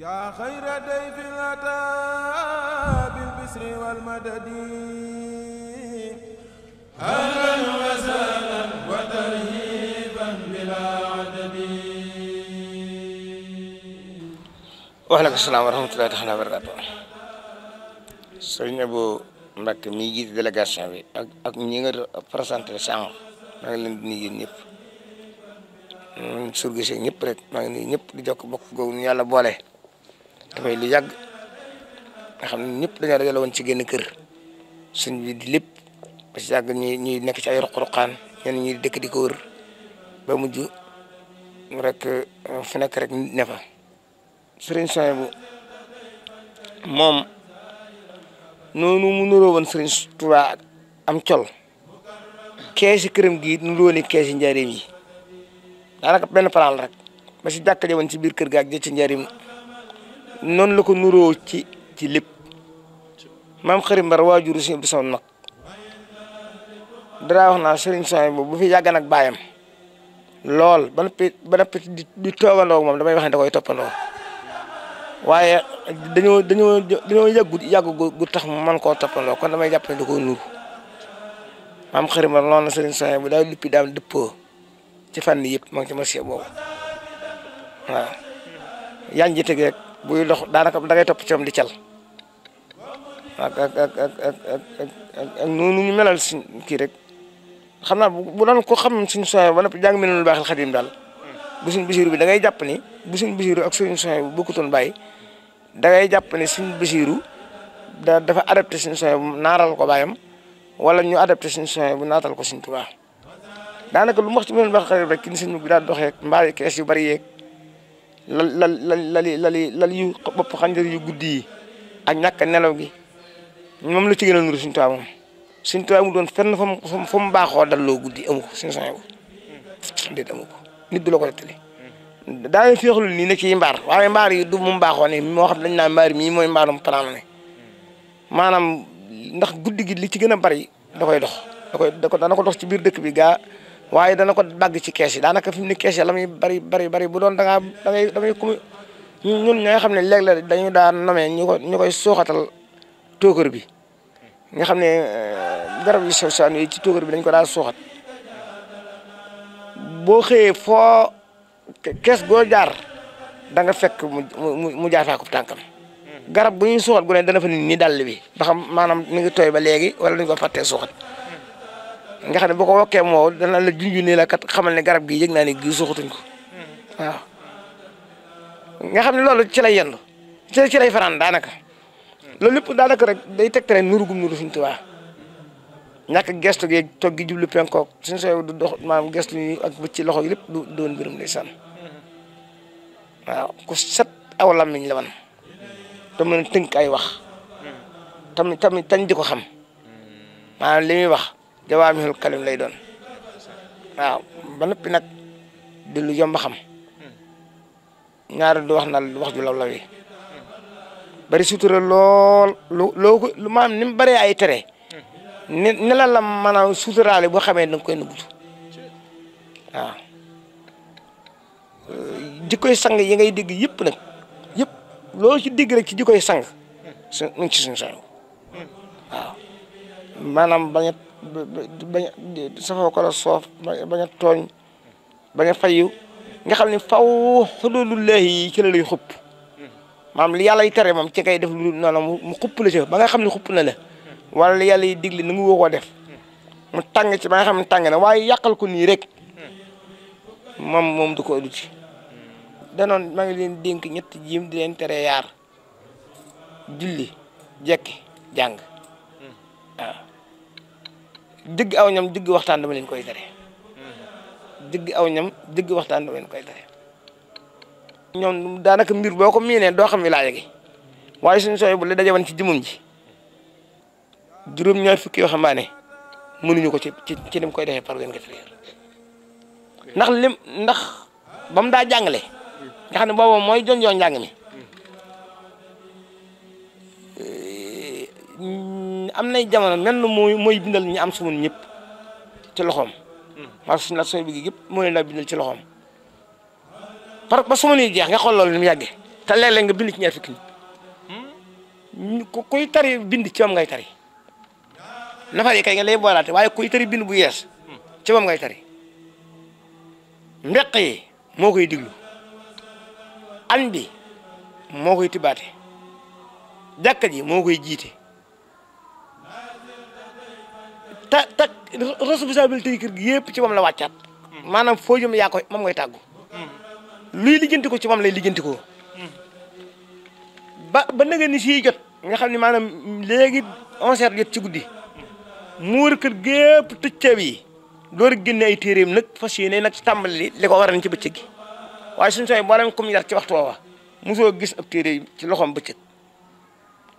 يا خير ضيف أتى بالبسر والمدد أهلا وسهلا وترهيبا بلا عدد وعليكم السلام ورحمة الله تعالى وبركاته Serigne Abou Mbacké mi jiite délégation bi ak ak ñi nga sang ngi leen nuyu ñëpp ñëpp rek ngi nuyu di jokk bokk ñu yàlla boole dafay lu yag nga xam ñepp dañu dañoo won ci genn kër suñ bi di lepp ba ci yag ñi ñi nekk ci ay ruqruqan ñen ñi dekk di ko wër ba mujj rek euh, fu nekk rek nefa fa. sëriñ bu mom nonu mu nuro won sëriñ Tuubaa am ciol kessi kërëm gi nu lo ni kessi njaareem yi da naka ben plan rek ba ci jàkkaale woon ci bir kër gaak jëcc njaareem non la ko nuro ci ci lepp mam xarit mbar waajuru suñu Abdou Samad nak dara wax na serigne Sonia bu fi yag nak bayam lol ban noppi ba di toogandoo mom damay wax ne da koy toppandoo dañu dañu yagut yag yàggu gu tax man ko topalo kon damay japp ne nuru maam xarit mbar lool na sëriñ Sonia bu daal lupi dam dëppoo ci fànn yep maa ngi ci marché bobu wa yaa ngi rek buy lox danaka da ngay top ci am di cial ak ak ak ak ak ak ak ñu melal si kii rek xam bu doon ko xam suñu soxna ba noppi jàng lu baaxil xadim bu bisiru bi da ngay jàpp ni bu bisiru ak suñu soxna bu bokkutoon bàyyi da ngay jàpp bisiru da dafa adapté suñu soxna naaral ko bayam wala ñu adapté suñu soxna bu naatal ko sin tuba danaka lu mu wax ci mel lu rek ki ni suñ bi daal yu bari yek lal lal lali lali lal yu bopp xanjar yu guddi yi ak ñàkk nelaw gi moom la ci gën a nuru moom suñu mu doon fenn fa mu fa mu baaxoo dalloo guddi amu ko suñu soxewu déet amu ko nit du la ko daa daane féexlul nii nekk yi mbaar waaye mbaar yi du mu mbaaxoo ne moo xam dañ naa mbaar mii mooy mbaarum panaam ne maanaam ndax guddi gi li ci gën a bari da koy dox da koy da ko dana ko dox ci biir dëkk bi gaa waaye dana ko dagg ci kees yi daanaka fi mu ne kees yi la muy bari bari bari bu doon da ngaa da ngay da ngay ñun ñi xam ne léeg-léeg dañu daan nomee ñu ko ñu koy suuxatal tóokër bi nga xam ne eh, garab yu sew saan yi ci tóokër bi dañ ko daan suuxat boo xëyee foo kees goo jaar danga nga fekk mu mu mu jaataakub tànkam. garab bu ñuy suuxat gu ne dana fa nit ñi dàll bi ba xam maanaam mi ngi tooy ba léegi wala dañ ko fàttee suuxat. nga xam ne boo ko wokkee moo danaa la junju ne la kat xamal ne garab gi yëg naa ne gi suuxatuñ ko nga xam ne loolu ci lay yendu ci ci lay fanaan daanaka loolu lépp daanaka rek day tegtale nuru gum nuru suñ tubaa ñàkk gestu gi toog gi jublu penkook suñ sooy ak ci loxo yi du doon mbirum ndeysaan waaw ku set aw làmmiñ la wan te mën tënk ay wax tamit tamit tañ di ko xam maanaam li muy wax jawaamihul kalim lay doon waaw ba noppi nag di lu yomb xam ñaar du wax na wax ju law law yi bari sutura lool loo ko maanaam ni mu bëree ay tere ni ni la la maanaam suturaale boo xamee da nga koy nëbbutu waaw jikkoy sang yi ngay dégg yëpp nag yëpp loo ci dégg rek ci jikkoy sang su ci suñu sang waaw maanaam ba bañ safoo ko la soof bañ a tooñ bañ a nga xam ne faw xududullahi yi ci la lay xupp maanaam li yàlla yi tere moom ci ngay def lu noonu mu xupp la ci ba nga xam ne xupp na la wala li yàlla yi digle na nga woo koo def mu tàng ci ba nga xam ne tàng na waaye yàqal ko nii rek mam moom du ko aduti danoon maa ngi leen dénk ñett jiim di leen tere yaar julli jekki jàng digg aw ñam digg waxtaan dama leen koy tere digg aw ñam digg waxtaan dama leen koy tere ñoom daanaka mbir boo ko miinee doo xam wilaaya gi waaye suñu sooy bu la daje ci jëmum ji juróom-ñaar fukki yoo xam ne mënuñu ko ci ci ci ni koy defee par vingt-quatre heures ndax lim ndax ba daa jàngale nga xam ne boobu mooy jonjoon njàng mi am nay jamono menn mooy mooy bindal ñu am sumun ñëpp ci loxoom waaw hmm. suñu la sooy bëgg yëpp ci loxoom parce que ba sumun yi jeex nga xool loolu mu yàggee te léeg-léeg nga bind ci ñaar fukki nit hmm. kuy tari bind ci moom ngay tari nafar yi kay nga lay boolaate waaye kuy tari bind bu yees hmm. ci moom ngay tari mbeq yi moo koy diglu an bi moo koy tibaate jàkka ji moo koy jiite ta te responsabilité yi kër gi yëpp ci moom la wàccaat maanaam foo jëm yaa koy moom ngay tàggu luy lijjanti ko ci moom lay lijjanti ko ba ba nga ni si jot nga xam ne maanaam léegi onze jot ci guddi mu wër kër gépp tëj ceeb yi loolu génne ay téeréem nag fas yéene nag tàmbali li ko waral ci bëccëg gi wa suñu sooy boolem comme yar ci waxtu woowa mosoo gis ab téere ci loxoom bëccëg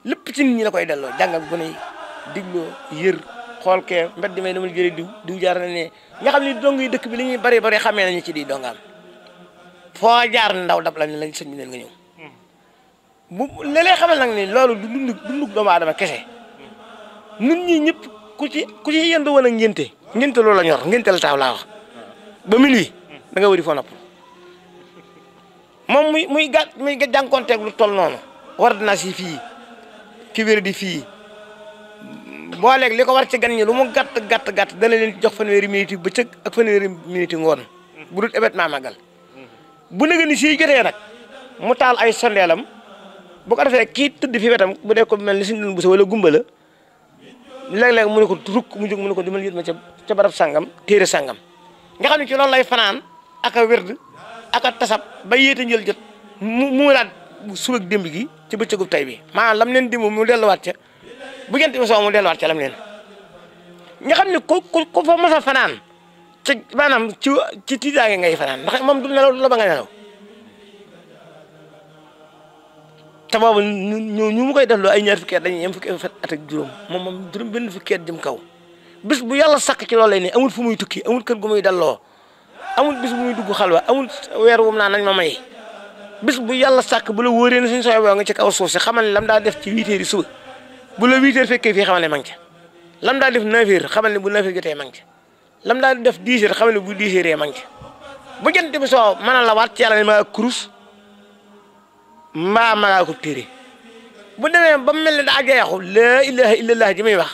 lépp ci nit ñi la koy delloo jàngal gone yi digloo yër xol ke mbedd may damul jëri diw diw jaar na ne nga xam ne dong yi dëkk bi li ñuy bari bari xamee nañu ci di dongaam foo jaar ndaw dab la ne lañ sëñ bi leen nga ñëw bu léeg-léeg xamal nag ni loolu du dund dundug doomu aadama kese nit ñi ñëpp ku ci ku ci yëndu woon ak ngénte ngénte loolu la ñor ngénte la taaw laa wax ba minuit da nga wëri foo nopp moom muy muy gàtt muy jànkonteeg lu toll noonu war dinaa si fii ki wér di fii boo booleeg li ko war ci gan ñi lu mu gàtt gàtt gàtt dana leen jox fanweeri minute bëccëg ak fanweeri minute ngoon bu dul événement magal bu nëgë ni siy jotee nag mu taal ay sondeelam bu ko defee kii tëdd fi wetam bu dee ko mel ni suñu bu sa wala gumba la léeg-léeg mu ne ko rukk mu jóg mu ne ko dimal yët ma ca ca barab sangam téere sangam nga xam ne ci loolu lay fanaan ak a wérd ak a tasab ba yéete njël jot mu mu laat suba démb gi ci bëccëgu tey bi maanaam lam leen dimb mu delluwaat ca bu ngeen timis delu wat ci lam len ñi xamni ko ko fa ma a fanan ci manam ci ci tiitaange ngay fanan ndax mom du nelaw la ba nga nelaw ta boobu ñu ñu mu koy def loo ay ñaar fukke dañ ñem fukke fat at ak juroom mom mom juroom benn fukke at kaw bis bu yalla sakk ci lolay ni amul fu muy tukki amul kër gu muy dalloo amul bis bu muy dugg xalwa amul weer wu naa nañ ma may bis bu yalla sakk bu la wóoree ni suñ soyo nga ci kaw suuf xamal ne lam da def ci 8 heures yi suba bu la 8 fekkee fii xamal ne ma ngi ca lam daa def 9 heures ne bu 9 heures jotee ma ngi ca lam daa def 10 heures xamal ne bu 10 heures ma bu jant bi soo mën a la waat ci yàlla ne maa kurus mbaa maa ko téere bu demee ba mel ne daa jeexu laa ilaha illallah ji muy wax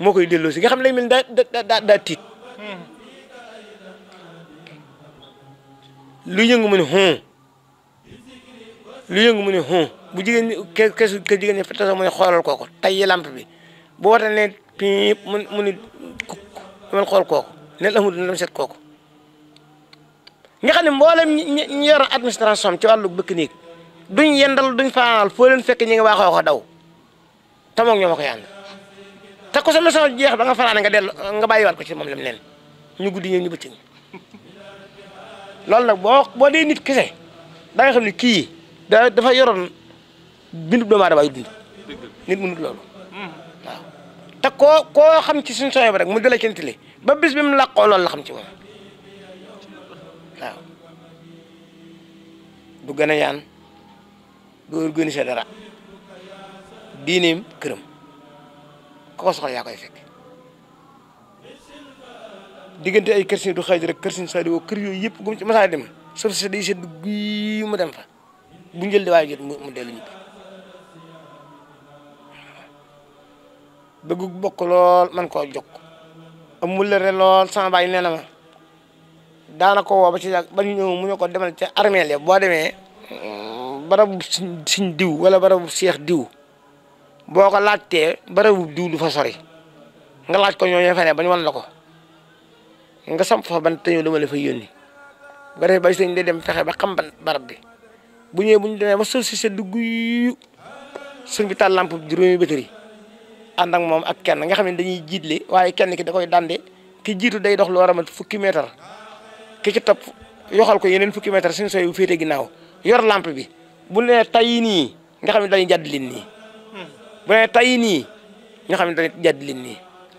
moo koy delloo si nga xam ne mel daa daa daa tiit hmm. lu yëngu mu ne hmm. lu yëngu mu ne hum bu jigen ke ke jigen ñi fi tasoo mu ne xoolal kooku tey lamp bi bu wata ne piip mu mu ne kuk man xool kooku neel amul na dem seet kooku nga xam mbolam ñu yor administration ci walu bëkk néeg duñ yendal duñ faal fo leen fekk ñi nga waaxoo ko daw tamoog ñoo ma koy ànd ko sama sama jeex ba nga fanaan nga del nga bayyi wat ko ci mom lam neen ñu guddi ñëw ñu bëccëg lool nak bo bo de nit kesse da nga xamni ki daa dafa yoroon bindub doomu aadama ay dund nit mu nit loolu waaw te koo koo xam ci suñu sooy ba rek mu dala ci nitile ba bis bi mu làqoo loolu xam ci moom waaw du gën a yaan du organisé dara diineem këram ko soxla yaa koy fekk diggante ay kër si du xaaj rek kër si di woo kër yooyu yëpp gum ci masaa dem suuf si day sedd guy mu dem fa bu di waay jot mu dellu ñibbi bëgg bokk lool man koo jokk am mu lool sama baay nee na ma daana ko woo ba ci yàgg ba ñu ñëw mu ñu ko demal ca armeel ya boo demee mm, barabu siñ diw wala barabu cheikh diw boo ko laajtee barabu diw du fa sori nga laaj ko ñooñu fa ne ba ñu wan la ko nga samp fa ban te ñëw dama la fay yónni bare bay sëñ day dem fexe ba xam ban barab bi bu ñëwee bu ñu demee ba ci sé dugg yu sëñ bi taal lamp juróomi batterie and ak mom ak kenn nga xam dañuy jidlé waaye kenn ki da koy dande ki jitu day dox lo war mat fukki mètre ki ci topp yoxal ko yeneen fukki mètre suñu sooy bu féete ginnaaw yor lampe bi bu né tay ni nga xam dañuy jàdd leen nii bu né tay ni nga xam dañuy jàdd leen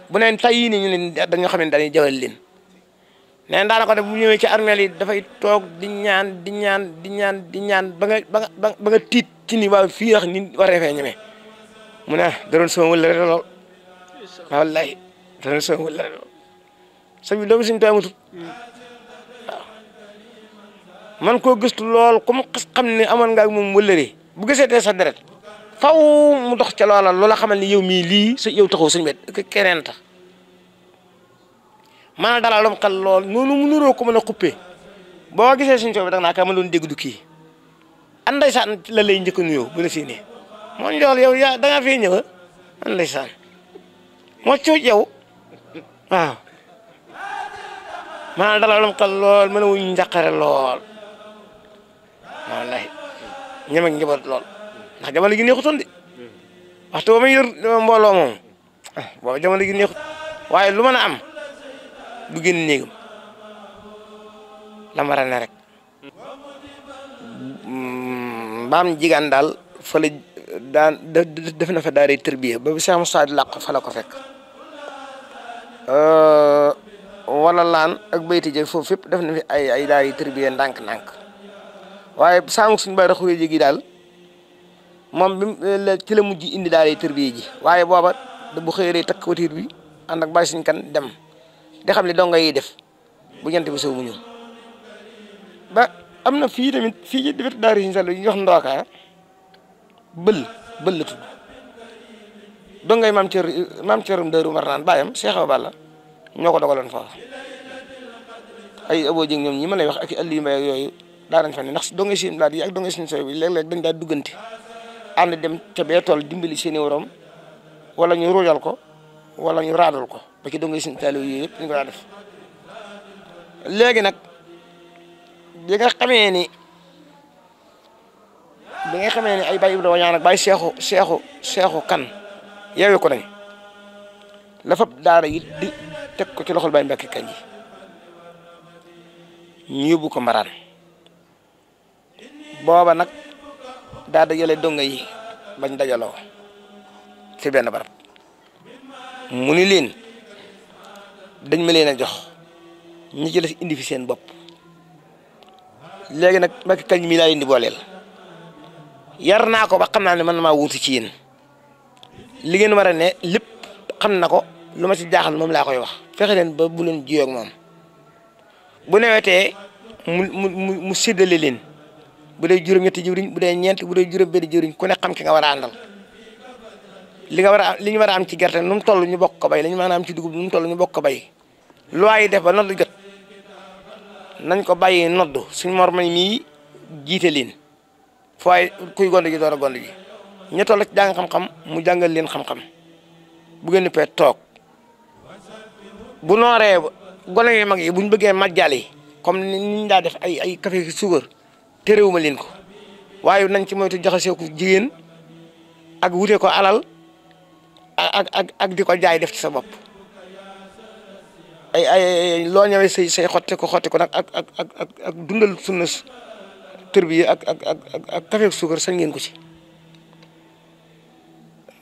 bu né tay ni ñu leen dañu xam dañuy jawal leen né ndana ko def bu ñëwé ci armeel yi fay tok di ñaan di ñaan di ñaan di ñaan ba nga ba nga tit ci ni wa fi wax ni waré fé ñëmé mu né ah, da doon sama wëllëre lol wallahi da doon sama wëllëre lool sa bi doomu suñu tooy mutut man ko gëstu lol kum mu xam nga mom moom bu gëssé tee sa deret faw mu dox ca loola lola xamal ni yow mi li sa yow taxaw suñu wet keneen tax mën a dalalum lool noonu mu nuroo ko mën a xuppee boo gisee suñ soo bi dag naa kaa ma doon dégg du kii an ndeysaan la lay njëkk a nuyoo bu la siinee moo njool yow yaa ah? moo cuuj yow waaw maanaam dalalum lool mën a wuñ njàqare lool wallahi ñem ak njaboot lool ndax jamono gi neexutoon de waxtu ba muy ah, booba jamono gi neexut waaye lu mën a am du génn néegam la mara ne rek mm, mbaam jigaan daal fa la daan def na fa daaree tërbiya ba bi Cheikh Moussa di làq fa la ko fekk euh, wala laan ak bayti jeg foofu fépp def na fi ay ay daaree tërbiya ndànk-ndànk waaye saamu suñu bay raxuye jégi daal moom bi ci la mujj indi daaree tërbiya ji waaye booba bu xëyee takk watiir bi ànd ak bàyyi suñ kan dem di xam li dongo yi def bu jant bi sow mu ñëw ba am na fii tamit fii ci wetu daara yi ñu sàll yi ñu wax ndookaa bël bël la tudd dongay maam cër maam cërum dëru mar naan bàyyam seexaw bàlla ñoo ko dogaloon foofu ay aboo jëng ñoom ñi ma lay wax ak i alli mbay ak yooyu ne ndax dongay seen laat yi ak dongay seen sow bi léeg-léeg dañ daa duggante ànd dem ca bee tool dimbali seen i worom wala ñu ruujal ko wala ñu raadal ko ki ci donga talu taalibe yooyu yëpp ko def legi nak bi nga xamé ni bi nga xamé ni ay Baye Ibrahima Ñaan Baye Seexu Seexu Seexu Kan yewi ko nañ la fa daara yi di tek ko ci loxol Baye Mbàkke Kan yi ñu yóbbu ko mbaraan booba nag daa dajale donga yi bañ dajalo ci ben barap mu dañ ma leen a jox ñi ci des indi fi seen bopp léegi nag Mbacke Kañ mi indi booleel yar naa ko ba xam naa ne man ma wuutu ci yéen li ngeen war a ne lépp xam na ko lu ma si jaaxal moom laa koy wax fexe leen ba bu leen jiyoo ak moom bu newetee mu mu mu mu séddale leen bu dee juróom-ñetti jëwriñ bu dee ñeent bu dee juróom-benn jëwriñ ku ne xam ki nga war a àndal. li nga war a li ñu war am ci gerte num tollu ñu bokk ko bay li ñu mën a am ci dugub num tollu ñu bokk ko bay loi yi def ba nodd jot nañ ko bàyyi nodd suñu mor may mii jité lin foo kuy gondi ji door gondi gond ji ña toll ci jang xam-xam mu jangal lin xam-xam bu ngeen pe tok bu nooree gona yi mag yi buñ bëggee majjal comme ni ñu def ay ay café ki suukar terewuma ko wayu nañ ci moytu jaxasee ko ak wuté ko alal ak ak ak di jaay def ci sa bopp ay ay loo ñëwee say say xottiku xottiku nag ak ak ak ak ak dundal sunna tërbiye ak ak ak ak kafe suukar sañ ngeen ko ci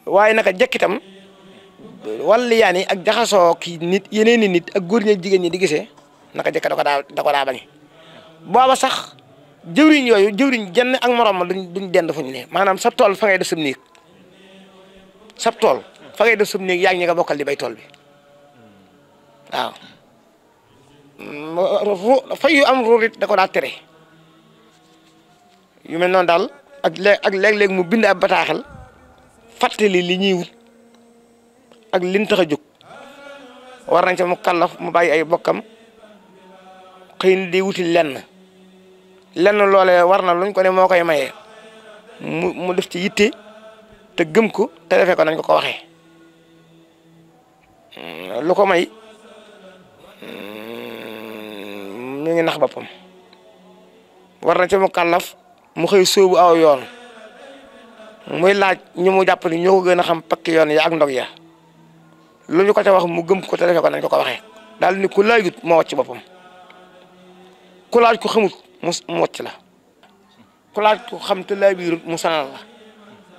waaye naka jekk itam wàllu yaan yi ak jaxasoo ki nit yeneen i nit ak góor ñi jigéen ñi di gisee naka jekk da ko daa da ko daa bañ sax jëwriñ yooyu jëwriñ jenn ak moroom ma duñ duñ dend fu ñu ne maanaam sa tool fa ngay def sam néeg sab tool fa ngay def sum néeg yaa ngi nga bokkal di bay tool bi waaw mm, fa yu am ruur da ko daa tere yu mel noonu daal ak léeg ak mu bind ab bataaxal fàttali li ñuy wut ak lintax a jóg war nañ ca mu kàllaf mu bàyyi ay bokkam xëy na di wuti lenn lenn loole war na luñ ko ne moo koy maye mu mu def ci yitte te gëm ko te defee ko nañ ko ko waxee Mm, lu ko may mu mm, ngi nax bappam war na ci mu kàllaf mu xëy sóobu aw yoon muy laaj ñu mu jàpp ni ñoo ko gën a xam pakki yoon ya ak ndog ya lu ñu ko ca wax mu gëm ko te defe ko nañ ko ko waxee daal ni ku laajut moo wàcc boppam ku laaj ko xamut mu mu wàcc la ku laaj ko xam te laa mu sanal la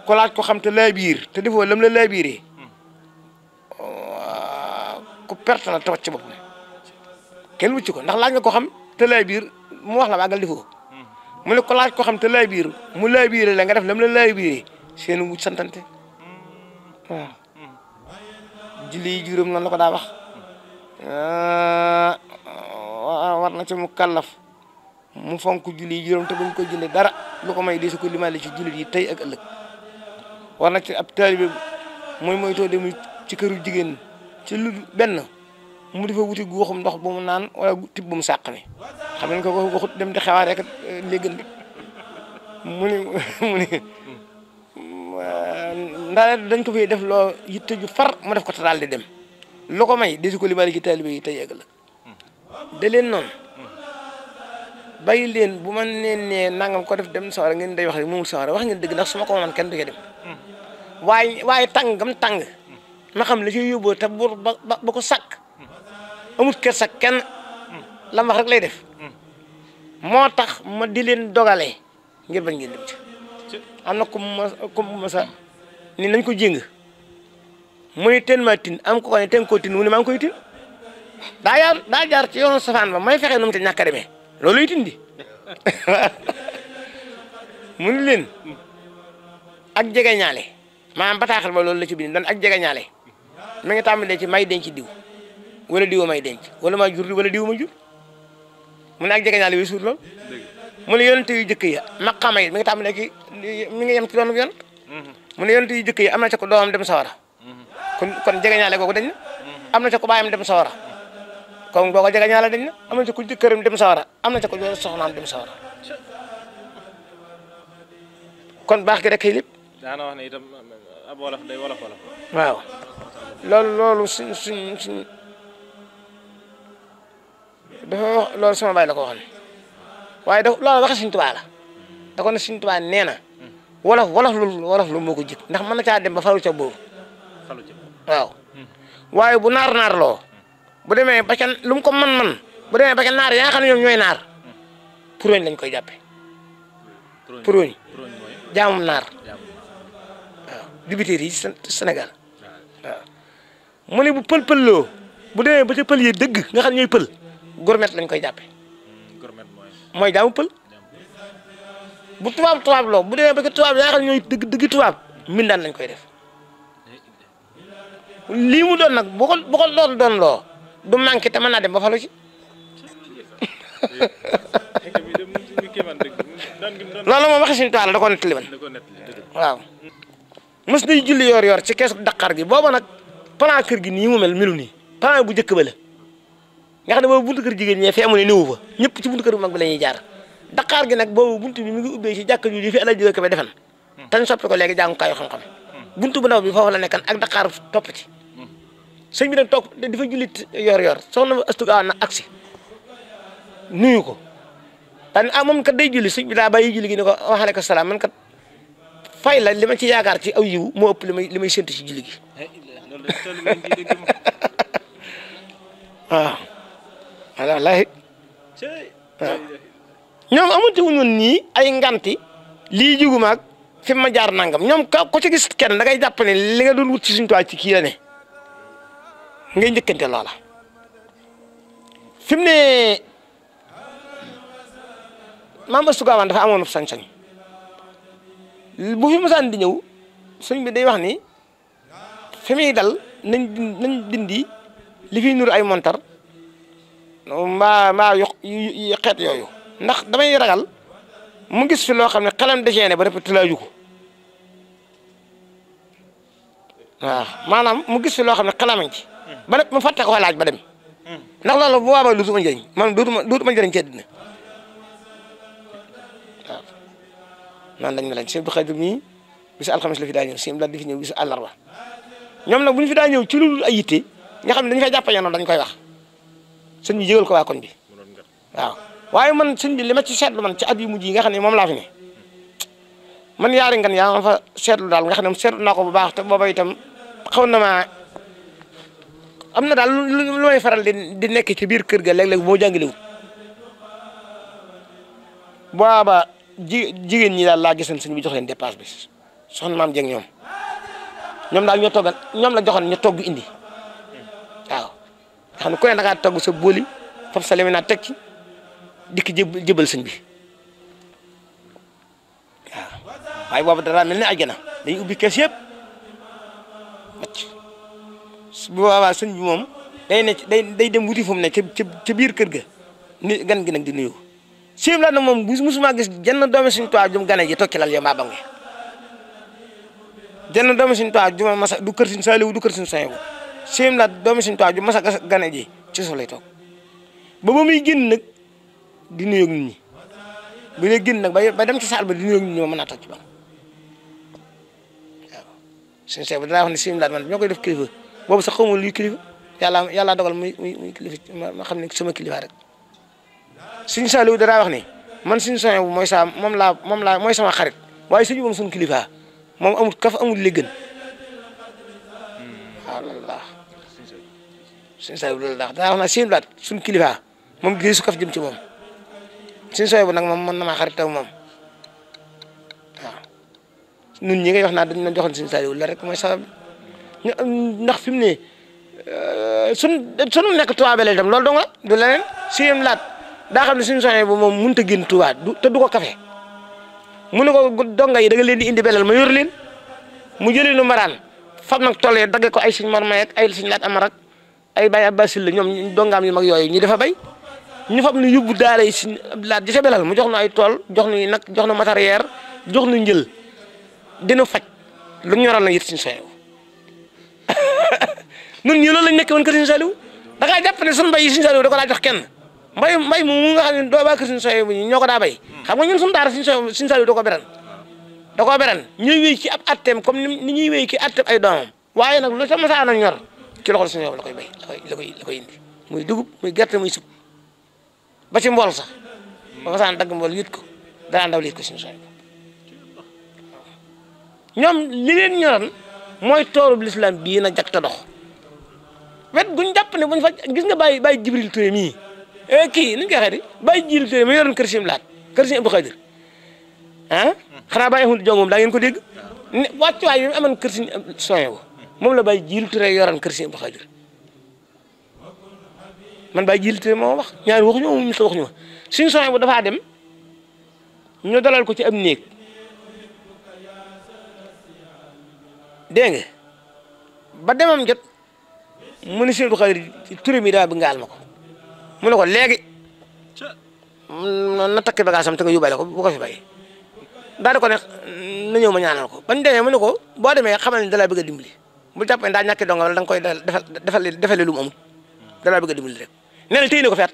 ku laaj ko xam te laa biir te defoo lam la laa ku perte la tawat ci bopp ne kenn wucc ko ndax laaj nga ko xam te lay biir mu wax la waagal laaj ko xam te mu lay biire la nga def lam la lay biire seen wucc santante waaw julli juróom ko daa wax ah, war na ci mu kàllaf mu fonk julli juróom te buñ ko julli dara lu ko may di ko limaale ci jullit yi tey ak ëllëg war na ci ab taalibe mooy mooy too dem ci kër jigéen ci lu benn mu dafa wuti guuxum ndox bu mu naan wala tib bu mu sàq mi xam ngeen ko ko waxut dem di xewaat rek léegandi mu ni mu ni ndaale dañ ko fay def loo yitte ju far mu def ko taal di dem lu ko may desi ko libaari ci taalibe yi tey la da leen noon bàyyi leen bu ma neen nee nangam ko def dem sawara ngeen day wax rek moomul sawara wax ngeen dëgg ndax su ma ko man kenn di ko dem mm. waaye waaye tàngam tàng na xam la ciy yóbboo te buur ba ba ko sàkk amut kër sàkk kenn lam rek lay def moo tax ma di leen dogalee ngir bañ ngeen dem ci am na ku ma ku ma ni nañ ko jéng mu ni teen ma tin am ko ko teen koo tin mu ne maa ngi koy daa jaar ci yoonu safaan ba may fexe nu mu ca ñàkk a demee di mu ni leen ak jege ñaale maanaam bataaxal ba loolu la ci bind dan ak jege ñaale mi ngi tàmbalee ci may denc diw wala diw may denc wala ma jur wala diw ma jur mu ne ak jege wi suur lool mu ne yonent yu jëkk ya maqaama yi mi ngi tàmbalee ki mi ngi yam ci doon yon mu ne yonent yu jëkk ya amna ci ko doom dem sawara kon kon jege ñaale googu dañ amna ci ko bayam dem sawara kon boo ko jege ñaale dañ na am na ko jëkkëram dem sawara amna ci ko do soxnaam dem sawara kon bax gi rek kay da na wax ne itam ab wolof day wolof wolof waaw loolu loolu suñ suñ suñ dafa wax loolu sama baay la ko waxoon waaye dafa loolu waxe suñ tubaa la da ko ne suñ tubaa nee na wolof wolof lu wolof lu moo ko jik ndax mën na caa dem ba faru ca boobu waaw hmm. waaye bu naar naar loo bu demee ba ca lu mu ko mën mën bu demee ba ca naar yaa xam ne ñoom ñooy naar puróñ lañ koy jàppe puróñ jaamum naar waaw dibiteer yi Sénégal mune bu pel pel lo bu de ba ca pel yi deug nga xam ñoy pel gourmet lañ koy moy moy jaamu pel bu tuwab tuwab lo bu demee ba ca tuwab yaa xam ñoy deug deug tuwab mindan lañ koy def li mu don nak bu ko bu ko don don lo du manki te mën dem ba falu ci loolu mo waxi suñu taal da ko nettali man waaw mës julli yor yor ci kess dakar gi booba nak plan kër gi nii mu mel melu nii plan bu njëkk ba la na xam ne boobu buntu kër jigéen ñee fi amu ne néewu fa ñëpp ci buntu kër bu mag bi la jaar Dakar gi nag boobu buntu bi mu ngi ubbee ci jàkka ju di fi El Hadj Diouf ba defan tan soppi ko léegi jàngukaayu xam-xam hmm. buntu bu ndaw bi foofu la nekkan ak Dakar topp ci hmm. sëñ bi nag di dafa jullit yor-yor soxna astugaaw na agsi nuyu ko daan ah moom kat day julli sëñ bi daa bàyyi julli gi ne ko waaleykum salaam man kat fay la li ma ci yaakaar ci aw yiw moo ëpp may li may séntu ci julli waaw ala layi waaw ñoom amuti wuñun nii ay nganti lii jugumaag fi ma jaar nangam ñoom ka ko ci gis kenn da ngay jàpp ne li nga doon ci suñu tuwaay ci kii la ne ngay njëkkante loola fi ne maam Astu Gaawaan dafa amoon sañ-sañ bu fi mosaan di ñëw sëñ bi day wax ni fi muy dal nañ nañ dindi li fiy nur ay montar mbaa ma yu xeet yooyu ndax damay ragal mu gis fi loo xam ne xelam dégéné ba def tëlaaju ko waaw maanaam mu gis fi loo xam ne xelamañ ci ba nag mu fàtte ko laaj ba dem ndax loolu bu boobaa dootuma njëriñ man dootuma dootuma njëriñ ci àddina waaw noonu lañ ne lañ sëñ bi xajul nii bisu alxames la fi daa ñëw sëñ bi daal di fi ñoom nag bu ñu fi daa ñëw ci lu ay yitte nga xam ne dañu fay jàpp yenoon dañ koy wax sëñ bi jégal ko waa koñ bi waaw waaye man sëñ bi li ma ci seetlu man ci at yu mujj yi nga xam ne moom laa fi ne man yaari ngan yaa ma fa seetlu daal nga xam ne seetlu naa ko bu baax te booba itam xaw na maa am na daal lu may faral di di nekk ci biir kër ga léeg-léeg boo jàngalewut booba ji jigéen ñi daal laa gisoon sëñ bi jox leen dépasse bi soxna maam jeeg ñoom ñom daal ñu togal ñom la joxon ñu togg indi waaw xam ko ku ne togg sa boli fab salimina tek ci dikk jëbal señ bi waaw bobu dara melni aljana day ubi kess yeb yëpp bu bi mom day ne day dem wuti fum ne ci ci biir kër ga ni gan gi nak di nuyu. sim la na mom musuma gis jenn doomi señ tuwa jum gane ji tokki lal yo ya ma jenn doomu Sëriñ Tuubaa ju ma masa du kër Sëriñ Saaliwu du kër Sëriñ Saaliwu séem la doomu Sëriñ Tuubaa ju masa gane ji ci suuf lay toog ba ba muy génn nag di nuyoog nit ñi bu dee génn nag ba dem ci saal ba di nuyoog nit ñi ma mën naa toog ci ba waaw Sëriñ Saaliwu danaa wax ne séem la man ñoo koy def kilifa boobu sax xamul luy kilifa yàlla yàlla dogal muy muy muy kilifa ma xam ne sama kilifa rek Sëriñ Saaliwu danaa wax ne man Sëriñ Saaliwu mooy sa moom laa moom laa mooy sama xarit waaye suñu woon suñu kilifa moom amul kaf amul li gën waaw loolu laax suñu saay bu loolu laax kilifa moom gis kaf jëm ci moom suñu saay bu nag moom mën na maa xarit moom waaw nun ñi nga wax naa dañ na joxoon suñu saay bu la rek mooy sabab ndax fi mu ne suñ euh, suñu nekk Tuubaa la itam loolu dong la du leneen siyem laat daa xam ne suñu saay bu moom mënut a génn Tuubaa du te du ko kafe mu ne ko donga yi da nga leen di indi belal ma yor leen mu jeli lu maral fam nak tole dag ko ay seigne marmay ak ay seigne lat amar ak ay bay abbasil la ñoom dongaam yu mag yoy ñi dafa bay ñu fam nu yóbbu daara yi suñ di sa belal mu jox na ay tool jox nu nak jox na matériel jox nu njël dina fajj lu ñoral na yit seigne soyew nun ñu loolu lañ nekk won ko seigne saliw da nga japp ne sun mbay seigne suñ da ko la jox kenn mbay mbay mu nga xam ne doo kër suñu soye bu ñoo ko daa bay hmm. xam nga ñun suñu daara suñu soye suñu saliu da ko beran da ko ñuy wéy ci atteem comme ni ñuy wéy ci atteem ay doomam waaye nag loo ca masaana ñor ci loxol suñu yow la koy bay la koy la koy indi muy dugub muy gerte muy sub ba ci mbool sax ba masaan dagg mbool yit ko danaa ndaw liit ko suñu soye ñoom li leen mooy toorub lislaam bii na jag ta dox wet guñ jàpp ne buñ fa gis nga bàyyi bàyyi jibril turé mii Eh, kii nuñu koy xeeti bàyyi jiil tey ma yoroon kër si laat kër si Abdou Khadir ah xanaa bàyyi xul jong moom ko dégg ne wàccuwaay bi mu la bàyyi jiil tere yoroon kër si Abdou Khadir man bàyyi jiil tere moo wax ñaari waxuñu ñu sa waxuñu ma suñu soñé bu dafaa dem ñu dalal ko ci am néeg dégg nga ba demam jot mu ne si Abdou Khadir mi daa bi ngaal ma ko mu ne ko léegi na takk bagage am te nga bale ko bu ko fi bàyyi daal di ko ne na ñëw ma ñaanal ko bañ demee mu ne ko boo demee xamal ni dalaa bëgg a dimbali bu jàppee daa ñàkk donga wala da nga koy defal defal defal lu mu amul dalaa bëgg a dimbali rek nee na téy ko fet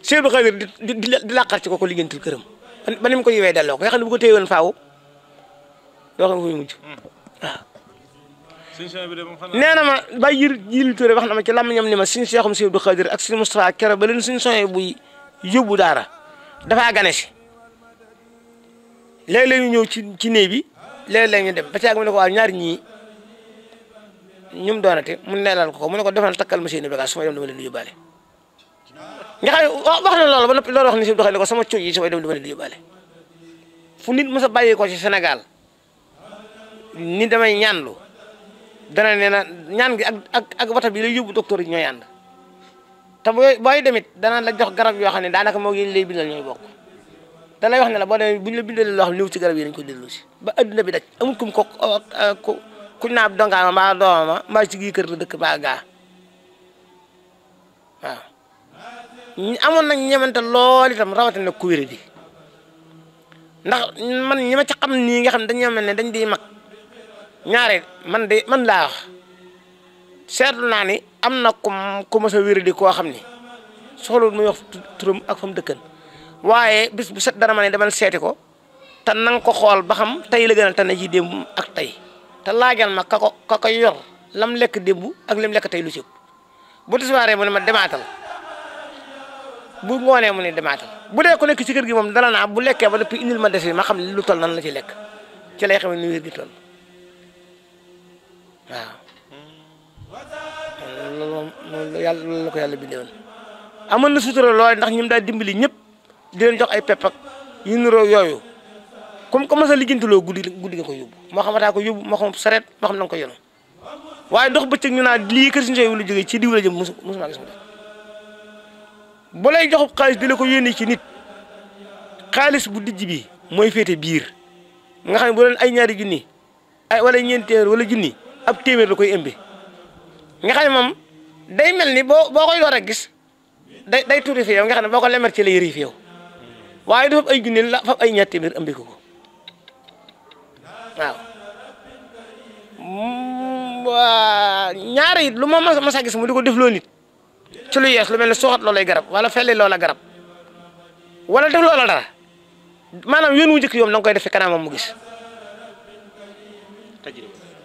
Cheikh Abdou Khadir di di di làqal ci ko ko liggéentul këram ba ni ko yiwee delloo ko nga xam ne bu ko téye woon faaw doo xam fu ñu mujj hmm. waaw nee na ma bay jil jili Touré wax na ma ci làmmiñam ni ma suñ seexum si Abdou Khadir ak suñ Moustapha Kere ba leen daara dafaa gane si léeg-léeg ñu ñëw ci ci néeg bi léeg-léeg ñu dem ba caag mu ne ko waaw ñaar ñii ñum mun neelal ko ko mu ne ko defal takkal ma seeni bagage su ma dem dama leen di yóbbaale nga xam ne noppi loolu wax ni si doxali ko sama coow yi su may dem dama leen di yóbbaale fu nit mës a bàyyi ko ci Sénégal ni damay ñaanlu dana ne na ñaan gi ak ak ak wata bi lay yóbbu docteur yi ñooy ànd te booy booy demit dana la jox garab yoo xam ne daanaka moo yéen lay bindal ñooy bokk da lay wax ne la boo demee bu ñu la bindalee loo xam ne néew ci garab ba adduna bi daj amul kum ko ku kuñ naa dongaama mbaa doomama mbaa ci gii kër la dëkk mbaa gaa waaw amoon nañ ñemante lool itam rawatina ku wér bi ndax man ñi ma ci xam nii nga xam dañoo ne dañ di mag ñaare man de man laa wax seetlu naa ni am na ku ku mos a wér di koo xam ni soxlawul mu wax turam ak fa mu dëkkan waaye bis bu set dana ma ne demal seeti ko te na nga ko xool ba xam tey la gën a démb ak tey te laajal ma ka ka ko lam lekk démb ak lim lekk tey lu ci ëpp bu tisbaaree mu ne ma demaatal bu ngoonee mu ne demaatal bu dee ko nekk ci kër gi moom dala naa bu lekkee ba depuis indil ma des ma xam lu toll nan la ci lekk ci lay xam ne nu wér gi toll waaw loolu moom yàlla loolu la ko yàlla bindeewoon amoon na sutura lool ndax ñim daa dimbali ñëpp di leen jox ay pepp ak yu niroo yooyu nga ko yóbbu moo xam ko yóbbu moo xam sareet moo xam na ko yono waaye ndox bëccëg ñu naan lii kër suñu la jógee ci diw jëm mosu gis mu def lay jox di ko yónnee ci nit xaalis bu dijj bi mooy féete biir nga xam bu ay ñaari ay wala ñeenti wala junni ab téeméer la koy ëmbi nga xam ne moom day mel ni boo boo koy door a gis day day tuuti fi yow xam ne boo ko lemer ci lay rii fi yow waaye du fab ay junne la fab ay ñaar téeméer ëmbi ko ko waaw mm, ñaari lu ma mas a gis mu di ko def loo nit lu yees lu mel ne suuxat loolay garab wala felli loola garab wala def loola dara maanaam yoon wu njëkk yoom da nga koy def fi kanamam mu gis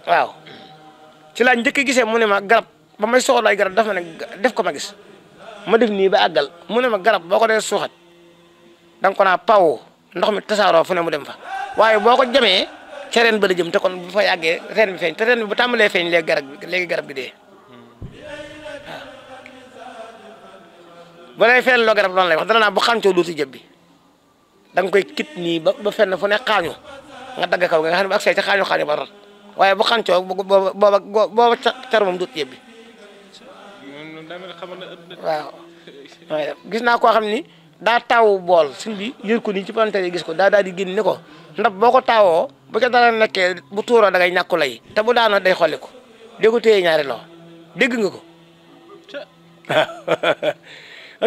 waaw ci laa njëkk gisee mu ne ma garab ba may soxla ay garab daf ma def ko ma gis ma def nii ba àggal mu ne ma garab boo ko dee suuxat da nga ko naa paw ndox mi tasaaroo fu ne mu dem fa waaye boo ko jamee ca reen ba la jëm te kon bu fa yàggee reen bi feeñ te reen bi bu tàmbalee feeñ léegi garab bi léegi garab gi dee ba lay fenn loo garab loolu lay wax dana naa bu xancoo duuti jëb bi da nga koy kit nii ba ba fenn fu ne xaañu nga dagg kaw nga xam ne bu ak see ca xaañu xaañu ba rot waaye bu xancoo booba booba booba car moom dut yëbbi waaw gis naa koo xam ni daa taw bool suñ bi yër ko nii ci gis ko daa daal di génn ni ko ndax boo ko taawoo bu ca dara nekkee bu tuuroo da ngay ñàkku lay te bu daanoo day xolli ko dégg ko téye ñaari loo dégg nga ko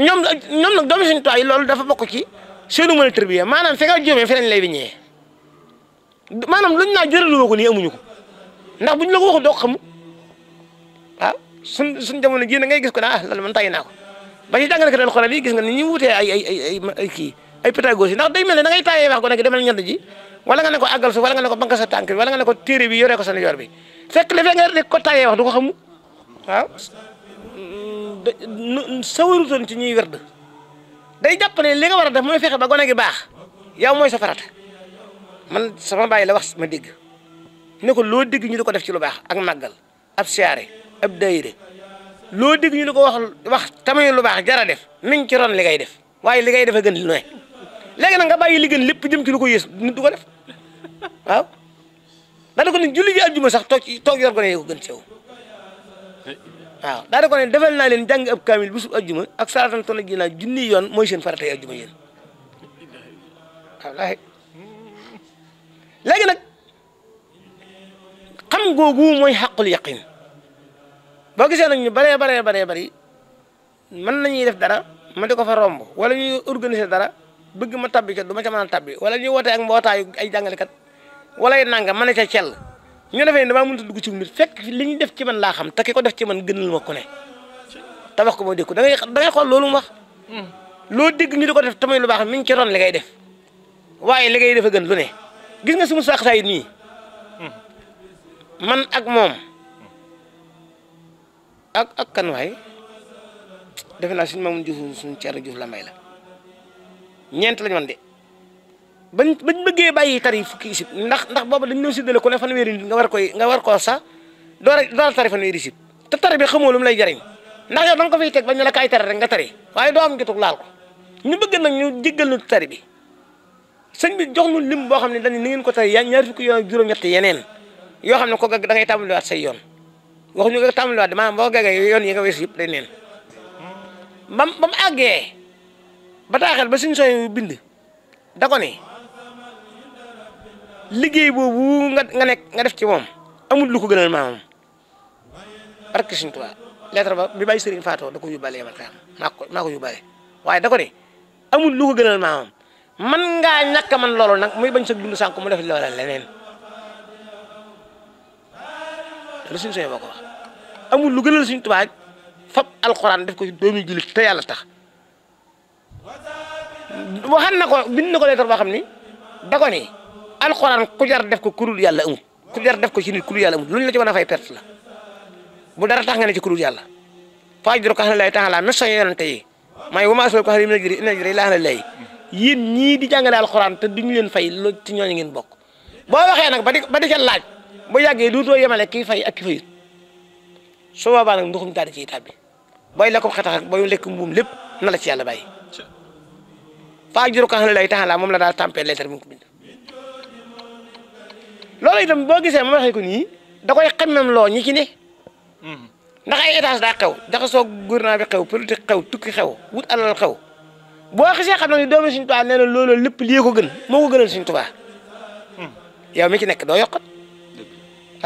ñoom ñoom nag doomu suñu toit yi loolu dafa bokk ci seenu mën a tërbiya maanaam fi nga jóomee fi lañ lay wiññee maanaam luñ naa jëralu ko nii amuñu ko ndax buñ la ko waxul doo xamu ah suñ suñ jamono jii na ngay gis kon ne ah loolu man tàyyi naa ko ba ci jàngalekat alxuraan yi gis nga ni ñuy wutee ay ay ay ay kii ay pédagogie ndax day mel ne da ngay tàyyee wax ko nekk demal ñett ji wala nga ne ko àggal suuf wala nga ne ko banque sa tànk bi nga ne ko téere bi yoree ko sa yor bi fekk le fee nga ne ko tàyyee wax du ko xamu waaw ah, sawarutoon ci ñuy werd day jàpp ne li nga war a def mooy fexe ba gone gi baax yow mooy sa sama bàyyi la wax ma dégg ne ko loo dégg ñu di ko def ci lu baax ak màggal ab siyaare ab dayire loo dégg ñu di ko wax wax tamit lu baax jara def nañ ci ron li def waaye li ngay def a gën li nooy léegi nag nga bàyyi li gën lépp jëm ci lu ko yées nit du ko def waaw daa da ko ne julli ji àjjuma sax toog toog yor gone yi ko gën sew waaw daa da ko ne defal naa leen jàng ab kaamil bisu àjjuma ak salaatan tona ji naa junni yoon mooy seen faratay àjjuma yéen waaw léegi nag xam googu mooy xaqul yaqin boo gisee nag ñu baree bare baree bari mën nañuy def dara ma di ko fa romb wala ñuy organise dara bëgg ma tabbi kat du ma ca mën a tabbi wala ñuy wootee ak mbootaayu ay jàngalekat wala ay nangam mën a ca cell ñu defee ne damaa mënut a dugg ci nit fekk li ñu def ci man laa xam te ki ko def ci man gënal ma ku ne te wax ko moo dégg da ngay da ngay xool loolu mu hmm. loo dégg ñu di ko def tamit lu baax mi ngi ci ron li ngay def waaye li ngay def a gën lu ne gis nga mu suñu saxsaay nii. man ak mom ak ak kan way defe naa suñ Mamoun Diouf suñ Thierno Diouf la may la ñent lañ man de bañ bañ bëggee tarif ki isib ndax ndax bobu dañ ñëw dele ku ne fanweeri nga war koy nga war ko sa do rek dal tarif fan fanweeri isib ta tarif bi xamoo lu lay jariñ ndax yow da ko fay tek bañ la kay tari rek nga tari waye do am jotug laal ko ñu bëgg nak ñu jéggal ñu tarif bi señ bi jox lim bo xamni dañ ni ngeen ko tay ñaar fukk yoon juroom ñett yenen Yoham xam ko da ngay tàmbaliwaat say yoon waxuñu nga tàmbaliwaat maanaam boo gagee yoon yi nga weesu yëpp day neen ba ba mu ba suñu sooy bind da ko ne liggéey boobu nga nga nekk nga def ci moom amul lu ko gënal maamam barke suñu lettre ba bi bàyyi Serigne Fatou da ko yóbbaale yamal kaam mako ko maa ko da ko ne amul lu ko gënal man man sa dund mu def loolu suñu sooy boo ko wax amul lu gënal suñu tubaab fab alxuraan def ko ci doomi jullit te yàlla tax waxan na ko bind na ko leetar boo xam ni da ko ni alxuraan ku def ko kurul yàlla amul ku def ko ci nit kurul yàlla amul luñ la ci mën fay perte la bu dara tax nga ne ci kurul yàlla faajur ko xam ne lay taxalaa na soñ yonante yi may wama asal ko xam ne mina jëri ina jëri laa xam ne lay ñii di jàngale alxuraan te duñu leen fay loolu ci ñooñu ngeen bokk boo bu yàggee duutoo yemale kii fay ak ki fayut su boobaa nag ndoxum daal di ciy tàbbi booy lekk xetax ak booy lekk mbuum lépp na la ci yàlla bàyyi faa juru ko xam ne lay tax laa moom la daal tàmpee lettre mu ko bind loolu itam boo gisee ma waxee ko nii da koy xemmem loo ñi ci ne ndax ay étage daa xew dafa soog gouvernement bi xew politique xew tukki xew wut alal xew boo xisee xam na ni doomi Sëriñ Tuubaa nee na loolu lépp lii ko gën moo ko gënal Sëriñ Tuubaa yow mi ci nekk doo yokkat